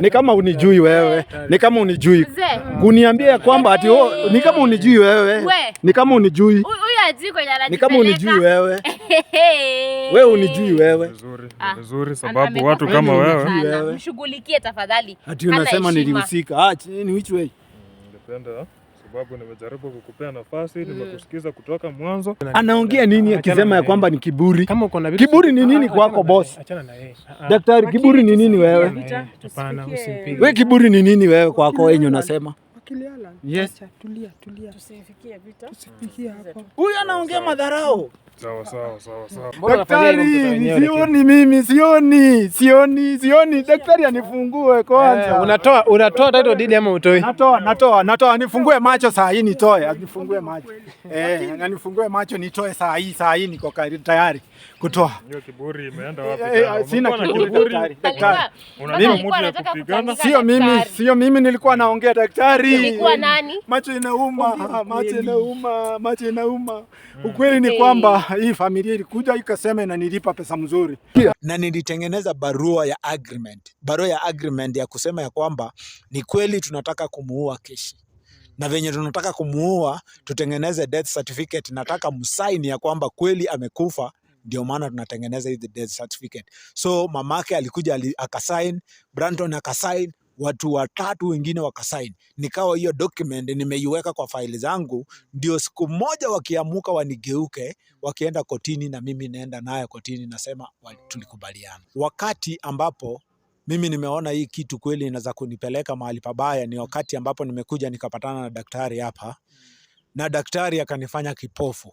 Ni kama unijui wewe, ni kama unijui kuniambia kwamba ati oh, ni kama unijui wewe, ni kama unijui ni kama unijui wewe, wewe unijui wewe vizuri, ah. sababu watu kama wewe, mshughulikie tafadhali. Ati unasema nilihusika, ah, ni which way? Depende hmm, sababu nimejaribu kukupea nafasi, mm. nimekusikiza kutoka mwanzo. Anaongea nini akisema ya kwamba ni kiburi? Kiburi ni nini kwako boss? Ah. Daktari, kiburi ni nini wewe? We, kiburi ni nini wewe kwako enye unasema tuliala. Yes. Acha, tulia, tulia. Tusifikie vita. Tusifikie hapo. Huyu anaongea madharau. Sawa sawa sawa sawa. Daktari, sioni mimi, sioni, sioni, sioni. Daktari anifungue kwanza. Eh, unatoa unatoa title deed ama utoi? Natoa, natoa, natoa. Nifungue macho saa hii nitoe, anifungue macho. Eh, na nifungue macho nitoe saa hii, saa hii niko tayari kutoa sio mimi, sio mimi nilikuwa naongea daktari. Ah, macho inauma, macho inauma, macho hmm. inauma. Ukweli ni kwamba hii familia ilikuja ikasema inanilipa pesa mzuri, na nilitengeneza barua ya agreement, barua ya agreement ya kusema ya kwamba ni kweli tunataka kumuua Keshi na venye tunataka kumuua tutengeneze death certificate. Nataka msaini ya kwamba kweli amekufa ndio maana tunatengeneza hizi death certificate. So mamake alikuja akasign, Branton akasign watu watatu wengine wakasign, nikawa hiyo document nimeiweka kwa faili zangu, ndio siku moja wakiamuka wanigeuke, wakienda kotini na mimi naenda nayo kotini, nasema tulikubaliana. Wakati ambapo mimi nimeona hii kitu kweli inaweza kunipeleka mahali pabaya ni wakati ambapo nimekuja nikapatana na daktari hapa, na daktari akanifanya kipofu.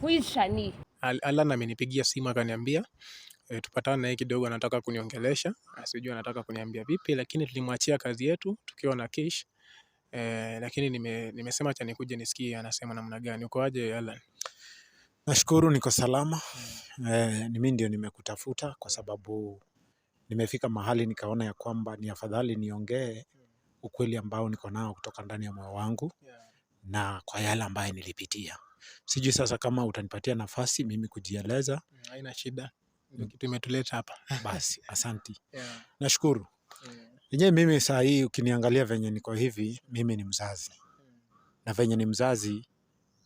Who is Shani? Alan amenipigia simu akaniambia e, tupatane naye kidogo, anataka kuniongelesha, asijui anataka kuniambia vipi, lakini tulimwachia kazi yetu tukiwa na Kish e, eh, lakini nime, nimesema cha nikuje nisikie anasema namna gani. Uko aje Alan? Nashukuru niko salama. E, ni mimi ndio nimekutafuta kwa sababu nimefika mahali nikaona ya kwamba ni afadhali niongee ukweli ambao niko nao kutoka ndani ya moyo wangu, yeah. na kwa yale ambayo nilipitia Sijui sasa kama utanipatia nafasi mimi kujieleza. Haina shida, ndio mm. kitu imetuleta hapa. Basi asanti, yeah. Nashukuru yenyewe. Yeah. Mimi saa hii ukiniangalia venye niko hivi, mimi ni mzazi mm. na venye ni mzazi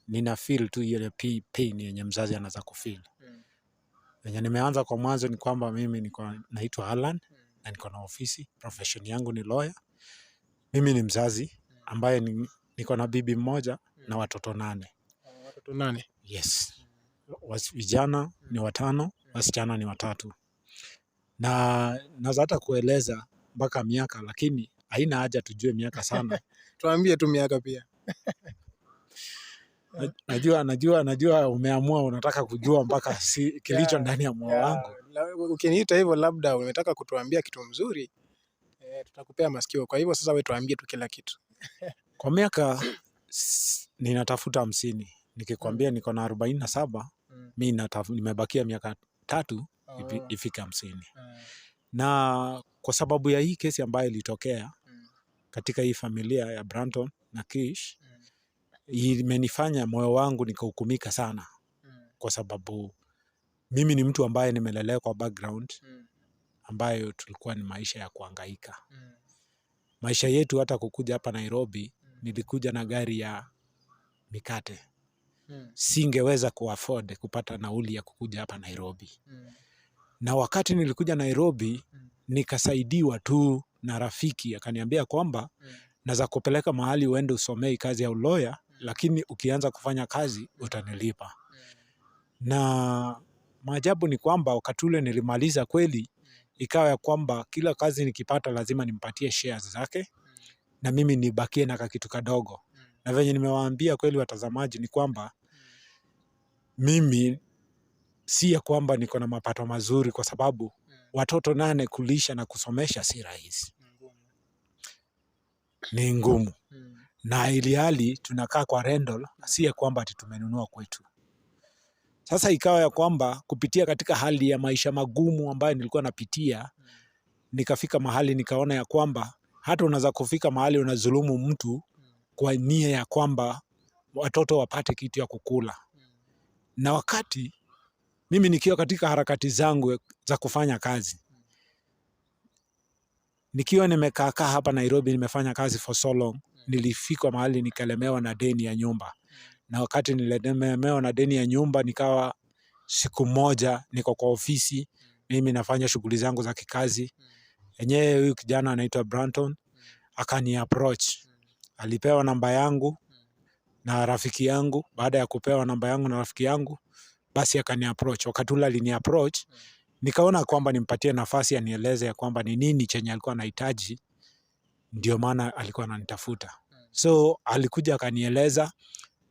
nina feel tu ile pain yenye mzazi anaweza kufeel mm. venye nimeanza kwa mwanzo ni kwamba mimi niko naitwa Alan mm. na niko na ofisi, profession yangu ni lawyer. Mimi ni mzazi mm. ambaye ni, niko na bibi mmoja mm. na watoto nane watoto nane? Yes, vijana ni watano, wasichana ni watatu, na naweza hata kueleza mpaka miaka, lakini haina haja tujue miaka sana. Tuambie tu miaka pia. Najua, najua, najua umeamua unataka kujua mpaka si kilicho ndani ya moyo wangu. Ukiniita hivyo, labda umetaka kutuambia kitu mzuri e, tutakupea masikio. Kwa hivyo sasa, we tuambie tu kila kitu. Kwa miaka ninatafuta hamsini nikikwambia mm. niko na arobaini na saba mm. mi nimebakia miaka tatu oh. ifike hamsini mm. na kwa sababu ya hii kesi ambayo ilitokea katika hii familia ya Branton na Kish mm. imenifanya moyo wangu nikahukumika sana mm. kwa sababu mimi ni mtu ambaye nimelelewa kwa background mm. ambayo tulikuwa ni maisha ya kuangaika mm. maisha yetu hata kukuja hapa Nairobi mm. nilikuja na gari ya mikate mm. singeweza kuafford kupata nauli ya kukuja hapa Nairobi mm. na wakati nilikuja Nairobi mm. nikasaidiwa tu na rafiki akaniambia kwamba mm. naweza kupeleka mahali uende usomei kazi ya uloya mm. lakini ukianza kufanya kazi utanilipa mm. na maajabu ni kwamba wakati ule nilimaliza kweli mm. ikawa ya kwamba kila kazi nikipata lazima nimpatie shares zake mm. na mimi nibakie na kakitu kadogo. Mm. Na venye nimewaambia kweli watazamaji, ni kwamba mimi si ya kwamba niko na mapato mazuri, kwa sababu mm. watoto nane kulisha na kusomesha si rahisi, ni ngumu mm. na ili hali tunakaa kwa rental, mm. si ya kwamba ati tumenunua kwetu. Sasa ikawa ya kwamba kupitia katika hali ya maisha magumu ambayo nilikuwa napitia, nikafika mahali nikaona ya kwamba hata unaweza kufika mahali unazulumu mtu kwa nia ya kwamba watoto wapate kitu ya kukula na wakati mimi nikiwa katika harakati zangu za kufanya kazi, nikiwa nimekaakaa hapa Nairobi, nimefanya kazi for so long, mahali nikalemewa na deni ya nyumba, na wakati nilemewa na deni ya nyumba, nikawa siku moja niko kwa ofisi, mimi nafanya shughuli zangu za kikazi. Enyewe huyu kijana anaitwa Branton akani approach, alipewa namba yangu na rafiki yangu, baada ya kupewa namba yangu na rafiki yangu, basi akani approach. Wakati ule alini approach, nikaona kwamba nimpatie nafasi anieleze ya kwamba ni nini chenye alikuwa anahitaji, ndio maana alikuwa ananitafuta. So alikuja akanieleza,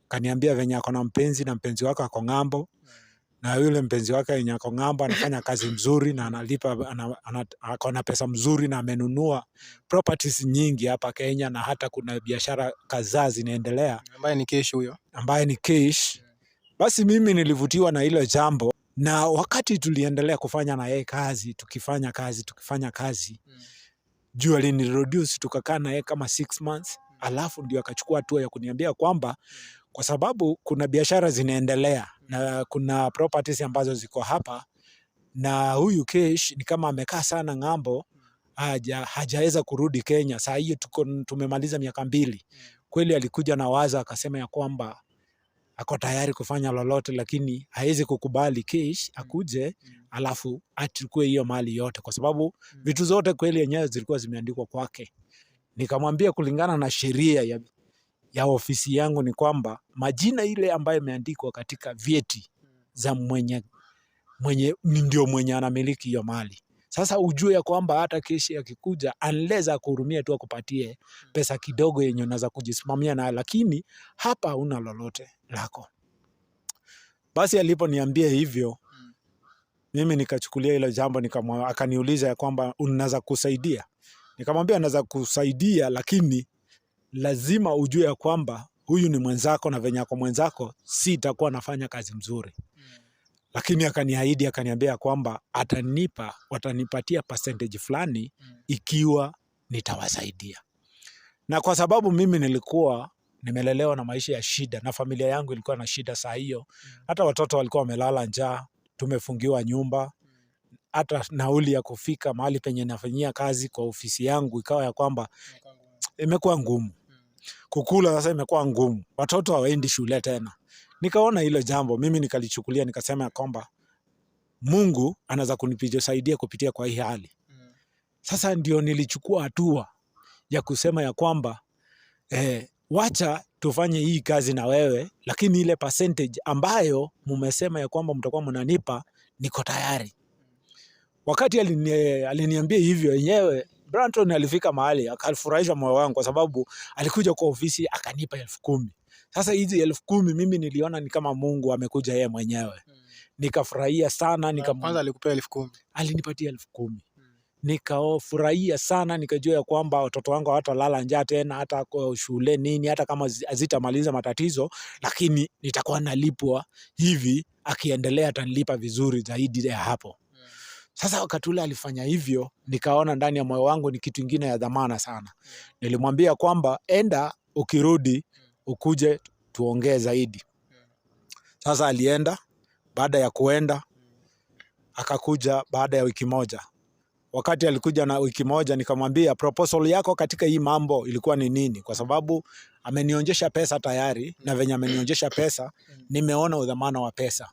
akaniambia venye ako na mpenzi na mpenzi wake ako ng'ambo na yule mpenzi wake ako Ng'ambo anafanya kazi mzuri na analipa ako na pesa mzuri na amenunua properties nyingi hapa Kenya, na hata kuna biashara kadhaa zinaendelea, ambaye ni Kish huyo, ambaye ni Kish. Basi mimi nilivutiwa na hilo jambo, na wakati tuliendelea kufanya na yeye kazi, tukifanya kazi, tukifanya kazi jua juu tukakaa na yeye kama six months, alafu ndio akachukua hatua ya kuniambia kwamba kwa sababu kuna biashara zinaendelea na kuna properties ambazo ziko hapa, na huyu Kesh ni kama amekaa sana ng'ambo, haja hajaweza kurudi Kenya. Saa hiyo tuko tumemaliza miaka mbili. Kweli alikuja na wazo akasema ya kwamba ako tayari kufanya lolote, lakini hawezi kukubali Kish akuje alafu achukue hiyo mali yote, kwa sababu vitu zote kweli yenyewe zilikuwa zimeandikwa kwake. Nikamwambia kulingana na sheria ya ya ofisi yangu ni kwamba majina ile ambayo imeandikwa katika vyeti za mwenye, mwenye ndio mwenye anamiliki hiyo mali. Sasa ujue ya kwamba hata keshi akikuja, anleza kuhurumia tu akupatie pesa kidogo yenye unaweza kujisimamia nayo, lakini hapa hauna lolote lako. Basi aliponiambia hivyo mimi nikachukulia hilo jambo nikamwa, akaniuliza ya kwamba unaweza kusaidia, nikamwambia naweza kusaidia, lakini lazima ujue ya kwamba huyu ni mwenzako na venye ako mwenzako, si itakuwa nafanya kazi mzuri mm. Lakini akaniahidi akaniambia kwamba atanipa watanipatia percentage fulani mm. ikiwa nitawasaidia, na kwa sababu mimi nilikuwa nimelelewa na maisha ya shida na familia yangu ilikuwa na shida saa hiyo mm. hata watoto walikuwa wamelala njaa, tumefungiwa nyumba mm. hata nauli ya kufika mahali penye nafanyia kazi kwa ofisi yangu ikawa ya kwamba imekuwa ngumu kukula sasa imekuwa ngumu, watoto hawaendi shule tena. Nikaona hilo jambo mimi nikalichukulia, nikasema ya kwamba Mungu anaweza kunipisaidia kupitia kwa hii hali. Mm. Sasa ndio nilichukua hatua ya kusema ya kwamba eh, wacha tufanye hii kazi na wewe, lakini ile percentage ambayo mumesema ya kwamba mtakuwa mnanipa, niko tayari. Mm. Wakati aliniambia hivyo yenyewe Branton alifika mahali akafurahisha moyo wangu kwa sababu alikuja kwa ofisi akanipa elfu kumi. Sasa hizi elfu kumi mimi niliona ni kama Mungu amekuja yeye mwenyewe hmm. Nikafurahia sana nika... kwanza alikupea elfu kumi. Alinipatia elfu kumi hmm. nikafurahia sana, nikajua ya kwamba watoto wangu hawatalala njaa tena, hata shule nini, hata kama hazitamaliza matatizo, lakini nitakuwa nalipwa hivi, akiendelea atanilipa vizuri zaidi ya hapo. Sasa wakati ule alifanya hivyo, nikaona ndani ya moyo wangu ni kitu ingine ya dhamana sana. Mm. Nilimwambia kwamba enda, ukirudi mm. ukuje tuongee zaidi. Mm. Sasa alienda. Baada ya kuenda akakuja baada ya wiki moja. Wakati alikuja na wiki moja, nikamwambia proposal yako katika hii mambo ilikuwa ni nini? Kwa sababu amenionjesha pesa tayari, na venye amenionjesha pesa nimeona udhamana wa pesa.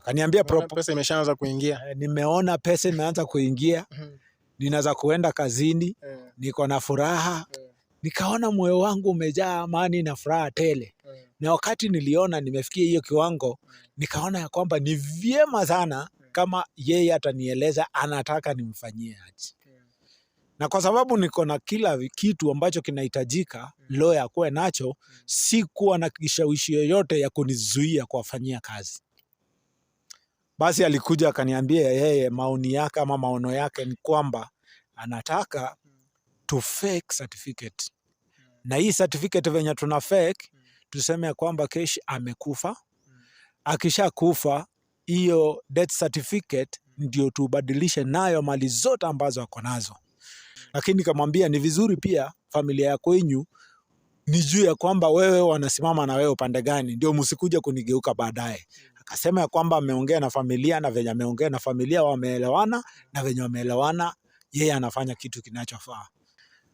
Akaniambia pesa imeshaanza kuingia. Eh, nimeona pesa imeanza kuingia, mm-hmm. ninaweza kuenda kazini, eh. niko na furaha. Eh. Nikaona moyo wangu umejaa amani na furaha tele, na wakati niliona nimefikia hiyo kiwango, mm. nikaona ya kwamba ni vyema sana kama yeye atanieleza anataka nimfanyie aje na kwa sababu niko na kila kitu ambacho kinahitajika mm. lawyer akuwe nacho, mm. si kuwa na kishawishi yoyote ya kunizuia kuwafanyia kazi. Basi alikuja akaniambia yeye maoni yake ama maono yake ni kwamba anataka tu fake certificate na hii certificate venye tuna fake tuseme ya kwamba Kesh amekufa. Akishakufa hiyo death certificate ndio tubadilishe nayo mali zote ambazo ako nazo, lakini nikamwambia ni vizuri pia familia kwenyu ni nijue ya kwamba wewe wanasimama na wewe upande gani, ndio msikuja kunigeuka baadaye. Akasema ya kwamba ameongea na familia na venye ameongea na familia wameelewana, na venye wameelewana yeye anafanya kitu kinachofaa.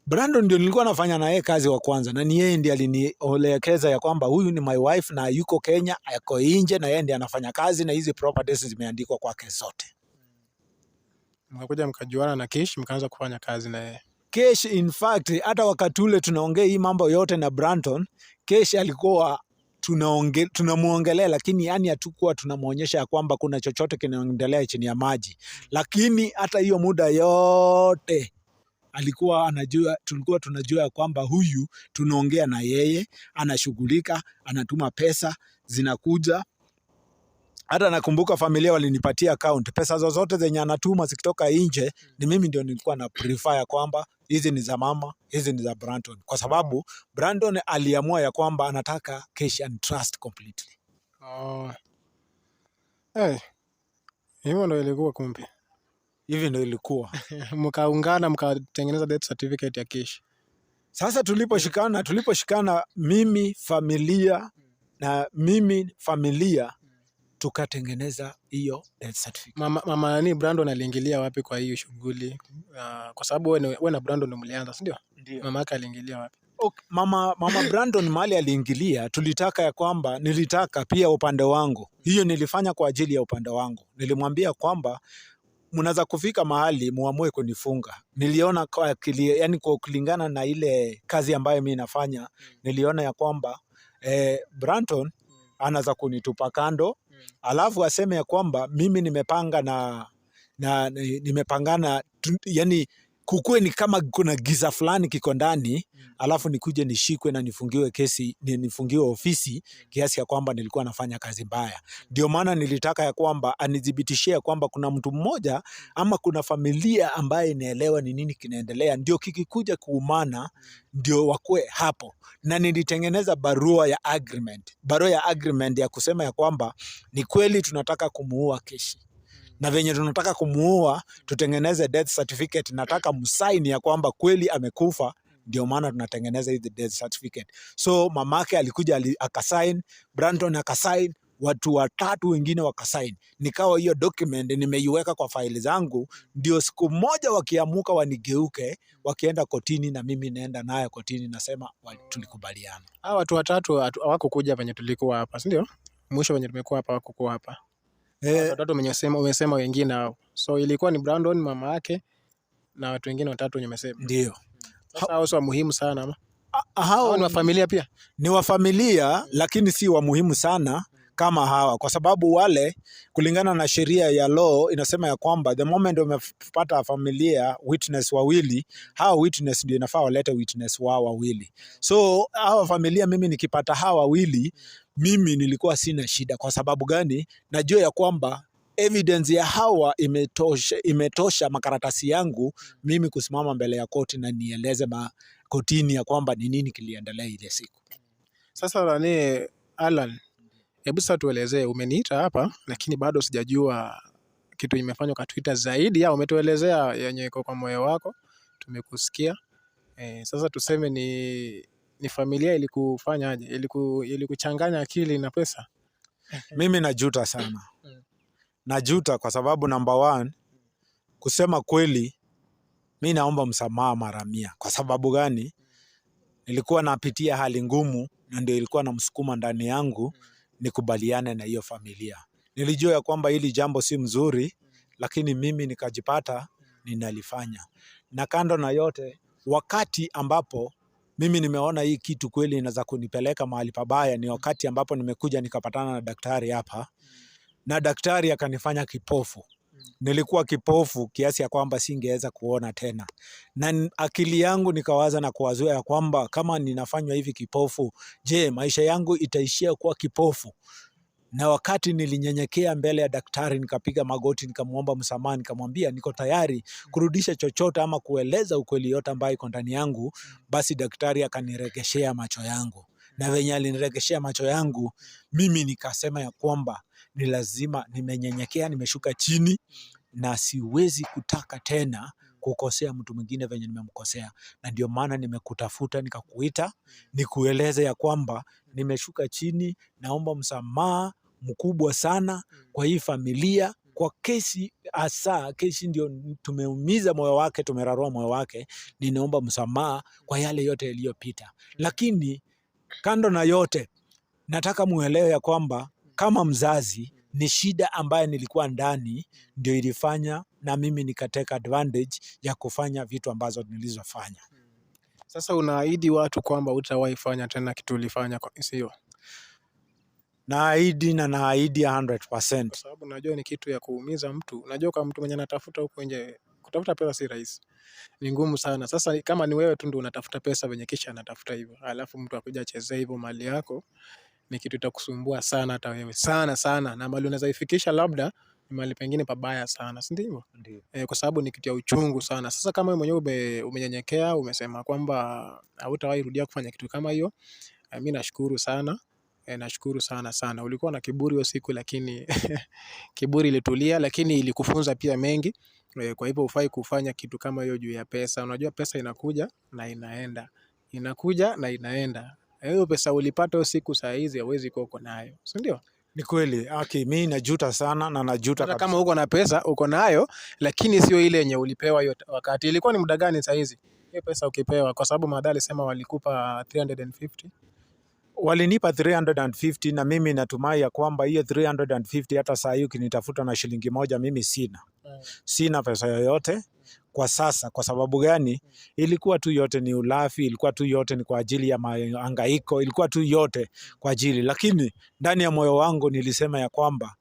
Brandon ndio nilikuwa nafanya na yeye kazi wa kwanza, na ni yeye ndiye alinielekeza ya kwamba huyu ni my wife na yuko Kenya, yuko nje, na yeye ndiye anafanya kazi na hizi properties zimeandikwa kwake zote. Mkakuja mkajuana na Kish, mkaanza kufanya kazi na yeye. Kesh in fact hata wakati ule tunaongea hii mambo yote na Brandon, Kesh alikuwa tunamwongelea lakini yani hatukuwa tunamwonyesha ya kwamba kuna chochote kinaendelea chini ya maji, lakini hata hiyo muda yote alikuwa anajua, tulikuwa tunajua ya kwamba huyu tunaongea na yeye, anashughulika, anatuma pesa zinakuja hata nakumbuka familia walinipatia account, pesa zozote zenye anatuma zikitoka nje mm. ni mimi ndio nilikuwa na prefer kwamba hizi ni za mama, hizi ni za Brandon, kwa sababu Brandon aliamua ya kwamba anataka cash and trust completely. Oh. Hey. Hivyo ndo ilikuwa kumbe, hivi ndio ilikuwa mkaungana, mkatengeneza death certificate ya cash. Sasa tuliposhikana, tuliposhikana mimi familia mm. na mimi familia tukatengeneza hiyo death certificate. Mama, mama nani Brandon aliingilia wapi kwa hiyo shughuli? Uh, kwa sababu wewe na Brandon mlianza, si ndio? Mama yake aliingilia wapi? Okay. Mama, mama Brandon mali aliingilia, tulitaka ya kwamba nilitaka pia upande wangu, hiyo nilifanya kwa ajili ya upande wangu. Nilimwambia kwamba mnaweza kufika mahali muamue kunifunga. Niliona kwa akili, yani kwa kulingana na ile kazi ambayo mi nafanya, hmm. niliona ya kwamba eh, Brandon anaweza kunitupa kando mm. Alafu aseme ya kwamba mimi nimepanga na, na nimepangana yani kukue ni kama kuna giza fulani kiko ndani mm. Alafu nikuje nishikwe na nifungiwe kesi, nifungiwe ofisi mm. kiasi ya kwamba nilikuwa nafanya kazi mbaya. Mm. Ndio maana nilitaka ya kwamba anidhibitishie ya kwamba kuna mtu mmoja mm. ama kuna familia ambaye inaelewa ni nini kinaendelea, ndio kikikuja kuumana, ndio wakue hapo. Na nilitengeneza barua ya agreement, barua ya agreement ya kusema ya kwamba ni kweli tunataka kumuua Keshi na venye tunataka kumuua tutengeneze death certificate. Nataka msaini ya kwamba kweli amekufa, ndio maana tunatengeneza hii death certificate. So mamake alikuja akasign, Branton akasign, watu watatu wengine wakasign, nikawa hiyo document nimeiweka kwa faili zangu, ndio siku moja wakiamuka wanigeuke, wakienda kotini na mimi naenda naye kotini, nasema tulikubaliana. Hawa watu watatu hawakukuja venye tulikuwa hapa, si ndio? Mwisho venye tumekuwa hapa hawakukuwa hapa eh, watatu umesema, umesema wengine hao. So ilikuwa ni Brandon mama yake na watu wengine watatu wenye umesema. Ndio. Sasa hao sio muhimu sana ama? Ah, ah, hao ni wa familia pia. Ni wa familia lakini si wa muhimu sana kama hawa, kwa sababu wale, kulingana na sheria ya law inasema ya kwamba the moment umepata familia witness wawili, hawa witness ndio inafaa walete witness wao wawili. So hawa familia, mimi nikipata hawa wawili, mimi nilikuwa sina shida. Kwa sababu gani? Najua ya kwamba evidence ya hawa imetosha, imetosha makaratasi yangu mimi kusimama mbele ya koti na nieleze ma kotini ya kwamba ni nini kiliendelea ile siku. Sasa nani Alan Hebu sasa tuelezee, umeniita hapa lakini bado sijajua kitu imefanywa kwa Twitter zaidi au umetuelezea yenye iko kwa moyo wako, tumekusikia. E, sasa tuseme ni, ni familia ilikufanyaje? Iliku, ilikuchanganya akili na pesa? Mimi najuta sana, mm. najuta kwa sababu number one, kusema kweli mi naomba msamaha mara mia. Kwa sababu gani? Nilikuwa napitia hali ngumu na ndio ilikuwa namsukuma ndani yangu mm nikubaliane na hiyo familia. Nilijua ya kwamba hili jambo si mzuri, lakini mimi nikajipata ninalifanya. Na kando na yote, wakati ambapo mimi nimeona hii kitu kweli inaweza kunipeleka mahali pabaya ni wakati ambapo nimekuja nikapatana na daktari hapa, na daktari akanifanya kipofu nilikuwa kipofu kiasi ya kwamba singeweza kuona tena, na akili yangu nikawaza na kuwazua ya kwamba kama ninafanywa hivi kipofu, je, maisha yangu itaishia kuwa kipofu? Na wakati nilinyenyekea mbele ya daktari, nikapiga magoti, nikamwomba msamaha, nikamwambia niko tayari kurudisha chochote ama kueleza ukweli yote ambayo iko ndani yangu, basi daktari akaniregeshea macho yangu na venye aliniregeshea macho yangu, mimi nikasema ya kwamba ni lazima, nimenyenyekea, nimeshuka chini na siwezi kutaka tena kukosea mtu mwingine venye nimemkosea, na ndio maana nimekutafuta nikakuita, nikueleze ya kwamba nimeshuka chini, naomba msamaha mkubwa sana kwa hii familia kwa kesi hasa kesi ndio tumeumiza moyo wake, tumeraroa moyo wake. Ninaomba msamaha kwa yale yote yaliyopita, lakini Kando na yote, nataka muelewe ya kwamba kama mzazi ni shida ambayo nilikuwa ndani ndio ilifanya na mimi nikateka advantage ya kufanya vitu ambazo nilizofanya. Sasa unaahidi watu kwamba utawahi fanya tena kitu ulifanya, sio? Naahidi na naahidi 100%. Kwa sababu najua ni kitu ya kuumiza mtu. Najua kama mtu mwenye anatafuta huko nje Kutafuta pesa si rahisi, ni ngumu sana. Sasa kama ni wewe tu ndio unatafuta pesa venye kisha anatafuta hivyo, alafu mtu akuja achezea hivyo mali yako, ni kitu itakusumbua sana, hata wewe sana sana, na mali unaweza ifikisha labda ni mali pengine pabaya sana, si ndivyo? E, eh, kwa sababu ni kitu ya uchungu sana. Sasa kama wewe mwenyewe umenyenyekea, umesema kwamba hautawahi rudia kufanya kitu kama hiyo, eh, mi nashukuru sana. E, nashukuru sana sana. Ulikuwa na kiburi hiyo siku lakini kiburi ilitulia, lakini ilikufunza pia mengi. E, kwa hivyo ufai kufanya kitu kama hiyo juu ya pesa. Unajua pesa inakuja na inaenda, inakuja na inaenda. Eh, hiyo e, pesa ulipata hiyo siku, saa hizi hauwezi kuwa uko nayo, si ndio? Ni kweli aki, mi najuta sana na najuta kabisa. Kama uko na pesa uko nayo, lakini sio ile yenye ulipewa hiyo wakati. Ilikuwa ni muda gani saa hizi hiyo pesa ukipewa? Kwa sababu madhali sema walikupa 350 walinipa 350 na mimi natumai ya kwamba hiyo 350 hata saa hii ukinitafuta na shilingi moja mimi sina, sina pesa yoyote kwa sasa. Kwa sababu gani? Ilikuwa tu yote ni ulafi, ilikuwa tu yote ni kwa ajili ya mahangaiko, ilikuwa tu yote kwa ajili, lakini ndani ya moyo wangu nilisema ya kwamba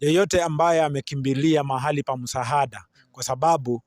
yeyote ambaye amekimbilia mahali pa msaada, kwa sababu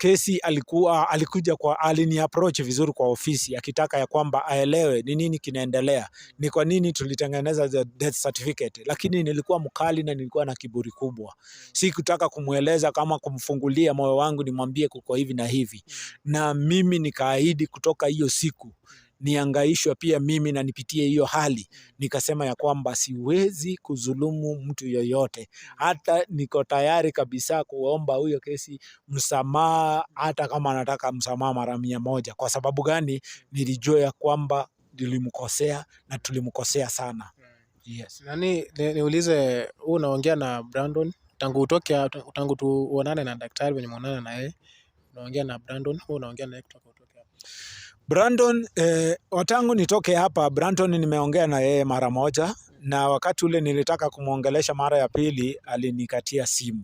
kesi alikuwa alikuja kwa alini approach vizuri kwa ofisi akitaka ya kwamba aelewe ni nini kinaendelea, ni kwa nini tulitengeneza the death certificate. Lakini nilikuwa mkali na nilikuwa na kiburi kubwa, sikutaka kumweleza kama kumfungulia moyo wangu nimwambie kuko hivi na hivi, na mimi nikaahidi kutoka hiyo siku niangaishwa pia mimi na nipitie hiyo hali, mm. nikasema ya kwamba siwezi kudhulumu mtu yoyote, hata niko tayari kabisa kuomba huyo kesi msamaha, hata kama anataka msamaha mara mia moja. Kwa sababu gani? Mm. Nilijua ya kwamba nilimkosea na tulimkosea sana. Mm. Yes. Nani niulize, huu unaongea na Brandon tangu utoke, tangu tuonane na daktari wenye muonana na yeye, unaongea na Brandon, huu unaongea naye kutoka utoke Brandon eh, watangu nitoke hapa Brandon nimeongea na yeye mara moja, na wakati ule nilitaka kumwongelesha mara ya pili alinikatia simu,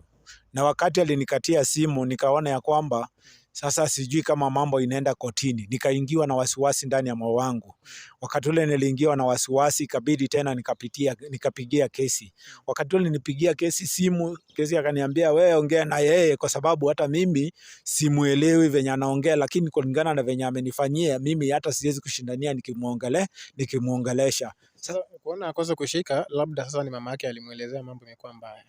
na wakati alinikatia simu nikaona ya kwamba sasa sijui kama mambo inaenda kotini, nikaingiwa na wasiwasi ndani ya moyo wangu. Wakati ule niliingiwa na wasiwasi, ikabidi tena nikapitia, nikapigia kesi. Wakati ule nilipigia kesi simu, kesi akaniambia wewe ongea na yeye, kwa sababu hata mimi simuelewi venye anaongea, lakini kulingana na venye amenifanyia mimi, hata siwezi kushindania nikimuongele nikimuongelesha. Sasa kuona kwanza kushika, labda sasa ni mama yake alimuelezea mambo yamekuwa mbaya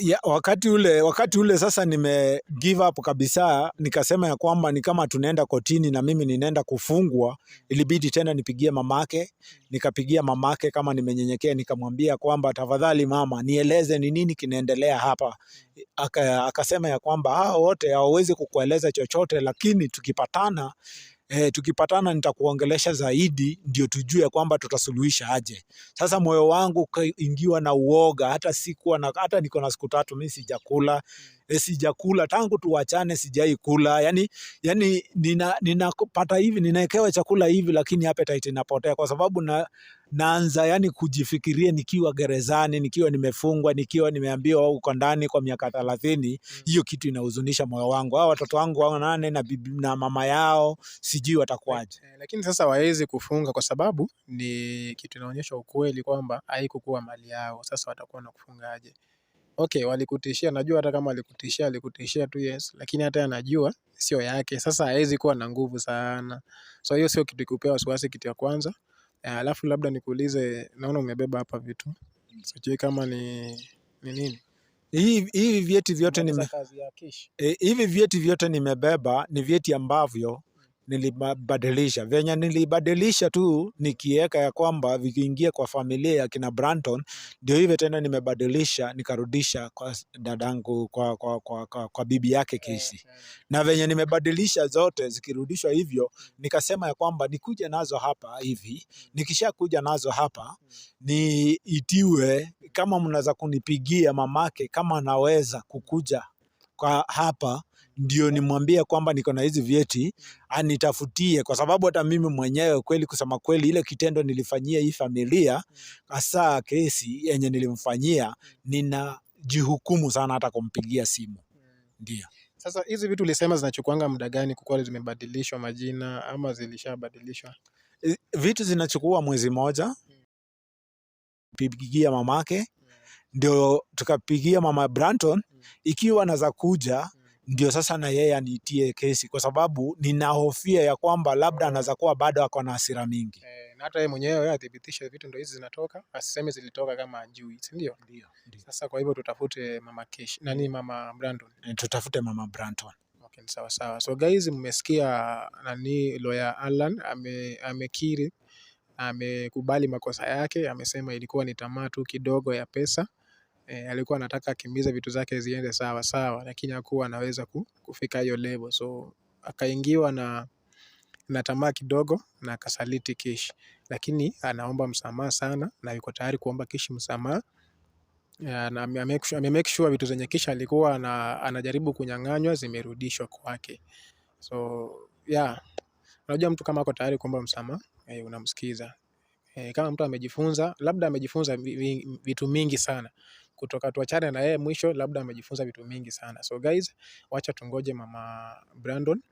ya, wakati ule wakati ule sasa nime give up kabisa, nikasema ya kwamba ni kama tunaenda kotini na mimi ninaenda kufungwa. Ilibidi tena nipigie mamake, nikapigia mamake kama nimenyenyekea, nikamwambia kwamba tafadhali mama, nieleze ni nini kinaendelea hapa. Aka, akasema ya kwamba hao wote hawawezi kukueleza chochote, lakini tukipatana E, tukipatana nitakuongelesha zaidi ndio tujue kwamba tutasuluhisha aje. Sasa moyo wangu ukaingiwa na uoga, hata sikuwa na hata niko na siku tatu mimi sijakula mm. Eh, sijakula tangu tuwachane, sijai kula. Yani, yani ninapata nina, hivi ninaekewa chakula hivi, lakini appetite inapotea kwa sababu na, naanza yani kujifikiria nikiwa gerezani, nikiwa nimefungwa, nikiwa nimeambiwa uko ndani kwa miaka thelathini. Mm. Hiyo kitu inahuzunisha moyo wangu. Hao watoto wangu wa nane na bibi na mama yao sijui watakuwaje, eh, eh, lakini sasa wawezi kufunga kwa sababu ni kitu inaonyesha ukweli kwamba haikukuwa mali yao. Sasa watakuwa na kufungaje? okay, walikutishia, najua hata kama walikutishia alikutishia tu yes, lakini hata anajua sio yake, sasa hawezi kuwa na nguvu sana, so hiyo sio kitu kupea wasiwasi, kitu ya kwanza. Eh, alafu labda nikuulize, naona umebeba hapa vitu, sijui kama ni ni nini hivi vyeti vyote nime... Eh, hivi vyeti vyote nimebeba ni vyeti ambavyo nilibadilisha. Venye nilibadilisha tu nikiweka ya kwamba vikiingia kwa familia ya kina Branton, ndio hivyo tena nimebadilisha nikarudisha kwa dadangu kwa, kwa, kwa, kwa, kwa bibi yake Kesi. Na venye nimebadilisha zote zikirudishwa hivyo, nikasema ya kwamba nikuje nazo hapa hivi, nikisha kuja nazo hapa niitiwe, kama mnaweza kunipigia mamake kama anaweza kukuja kwa hapa ndio nimwambie kwamba niko na hizi vyeti anitafutie, kwa sababu hata mimi mwenyewe kweli, kusema kweli, ile kitendo nilifanyia hii familia, hasa kesi yenye nilimfanyia, ninajihukumu sana hata kumpigia simu. Ndio sasa hizi vitu ulisema zinachukuanga muda gani kukuwa zimebadilishwa majina ama zilishabadilishwa? Vitu zinachukua mwezi moja pigia mamake ndio tukapigia mama Branton ikiwa naza kuja ndio sasa na yeye anitie kesi, kwa sababu ninahofia ya kwamba labda anaweza kuwa bado ako na hasira mingi e, na hata yeye mwenyewe athibitishe vitu ndio hizi zinatoka, asiseme zilitoka kama juu, si ndio? Ndio, sasa kwa hivyo tutafute mama Kesh, nani mama Brandon e, tutafute mama Brandon. Okay, sawa sawa. So guys, mmesikia nani lawyer Alan ame, amekiri amekubali makosa yake, amesema ilikuwa ni tamaa tu kidogo ya pesa. E, alikuwa anataka akimbize vitu zake ziende sawa sawa, lakini hakuwa anaweza kufika hiyo level, so akaingiwa na na tamaa kidogo na akasaliti Kish, lakini anaomba msamaha sana na yuko tayari kuomba Kish msamaha. Eh, ame make sure vitu zenye Kish alikuwa na, anajaribu kunyang'anywa zimerudishwa kwake. So yeah, unajua mtu kama ako tayari kuomba msamaha eh, unamsikiza eh, kama mtu amejifunza labda amejifunza vitu mingi sana kutoka tuachane na yeye mwisho, labda amejifunza vitu mingi sana. So guys, wacha tungoje Mama Brandon